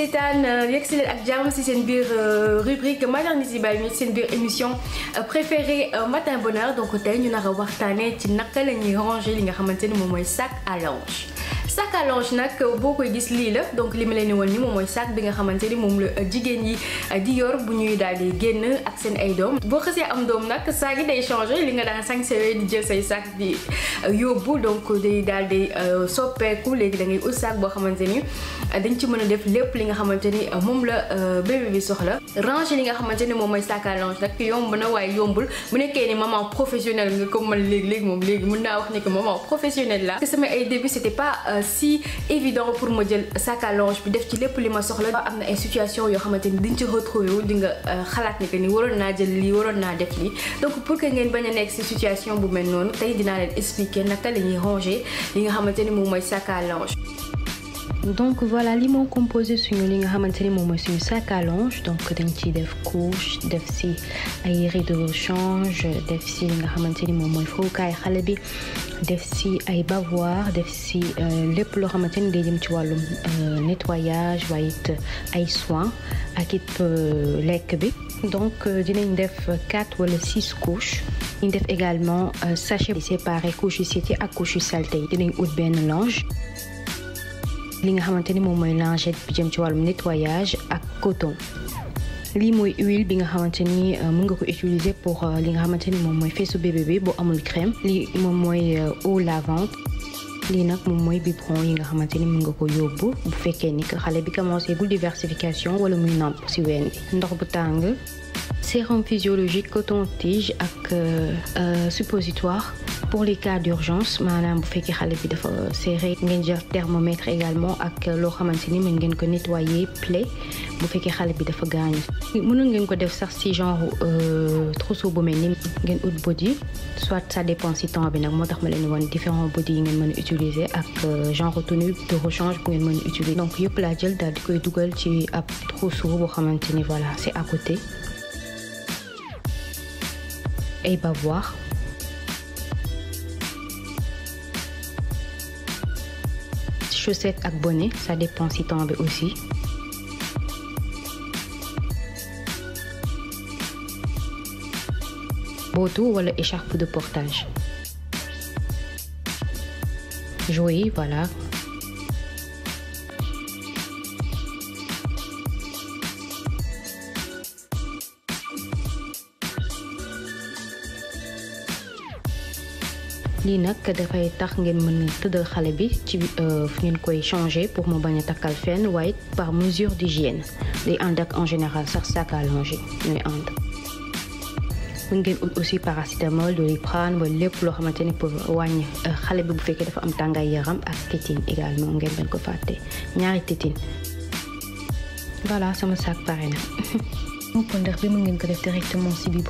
seetaan euh, yegg si leen ak jàmm si seen biir euh, rubrique maternité by Miss seen biir émission euh, préférée matin bonheur donc tey ñu nar a waxtaanee ci naka la ranger li nga xamante ni moom mooy sac à linge sac à linge nag boo koy gis lii la donc li ma leen di woon ni moom mooy sac bi nga xamante ni euh, euh, bu ñuy daal di génn ak seen ay doom boo xasee am doom nag sac yi day li nga daan sañ sewee di jël say sac di euh, yóbbu donc day daal di soppeeku léegi da ngay ut boo xamante ni dañ ci mën a def lépp li nga xamante ni moom la bébé bi soxla range li nga xamante ni moom mooy sac à linge nag yomb na waaye yombul bu nekkee ni maman professionnelle nga comme man léegi moom léegi mën naa wax ne que pas si évident pour ma jël sac bi def ci lépp li ma soxla am na ay situation yoo xamante ni diñ ci retrouver wu di nga euh, xalaat ni que ni waroon naa jël lii waroon naa def lii donc pour que ngeen bañ a nekk si situation bu mel noonu tey dinaa leen expliquer naka la ñuy ranger li nga xamante ni moom mooy sac donc voilà li moo composé suñu li nga xamante ni moom mooy suñu sac à linge donc dañ ciy def couche def ci ay rideau change def si li nga xamante ni moom mooy fowukaay xale bi def si ay bavoir def si lépp loo xamante ni day jëm ci wàllum nettoyage waaye ay soins ak it lekk bi donc dinañ euh, def quatre wala six couches ñu def également euh, sachet séparé couche yu set yi ak couche yu saleté yi dinañ ut benn linge li nga xamante ni moom mooy lingette bi jëm ci wàllum nettoyage ak coton lii mooy huile bi nga xamante ni euh, mën nga ko utiliser pour euh, li nga xamante ni moom mooy feesu bébé bi boo amul crème lii moom mooy euh, eau lavante lii nag moom mooy biberon yi nga xamante ni mën nga ko yóbbu bu fekkee ni xale bi commencé gul diversification wala muy nàmp si ween bi ndox bu tàng sérum physiologique coton-tige ak euh, euh, suppositoire pour les cas d'urgence maanaam bu fekkee xale bi dafa serré ngeen jël thermomètre également ak euh, loo xamante ni mën ngeen ko nettoyer plaie bu fekkee xale bi dafa gaañu. mënoon ngeen ko def sax si genre trousseau bu mel ni ngeen ut body soit ça dépend si temps bi nag moo tax ma leen woon différents body yi ngeen mën a utiliser ak genre tenue de rechange bu ngeen mën a donc yëpp laa jël daal di koy dugal ci ab trousseau boo xamante ni voilà c'est à ای بابوخ chaussettes ak bonnet ça dépend si temps bi aussi bootu wala écharpe de portage jouer voilà lii nag dafay tax ngeen mën tëddal xale bi ci euh, ngeen koy changer pour mu bañ a takkal fenn waaye par mesure d'hygiène day ànd ak en général sax sac à longer ñooy ànd. mën ngeen ut aussi paracétamol doliprane wala lépp loo xamante ni pour wàññi euh, xale bi bu fekkee dafa am tàngaay yaram ak tétine également ngeen bañ ko fàtte ñaari tétine voilà sama sac pare na. mu pondér bi mën ngeen ko def directement si bi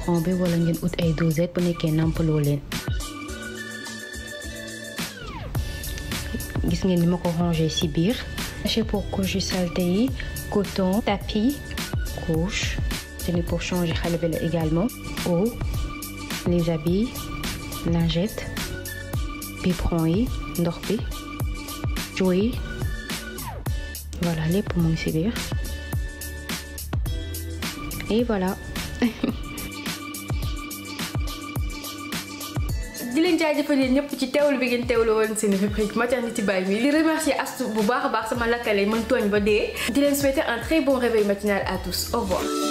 wala ngeen ut ay dosette bu nekkee nampaloo gis ngeen ni ma ko rangé ci biir sachet pour couche yu saleté yi coton tapis couche tenue pour changer xale bi la également eau les habits lingette biberon yi ndox bi jo yi voilà lépp mu ngi ci biir et voilà di leen jaajëfal yéen ñëpp ci teewlu bi ngeen teewlu woon seen rubrique maternité by me li remercier Astou bu baax a baax sama lakkale mën tooñ ba dee di leen souhaiter un très bon réveil matinal à tous au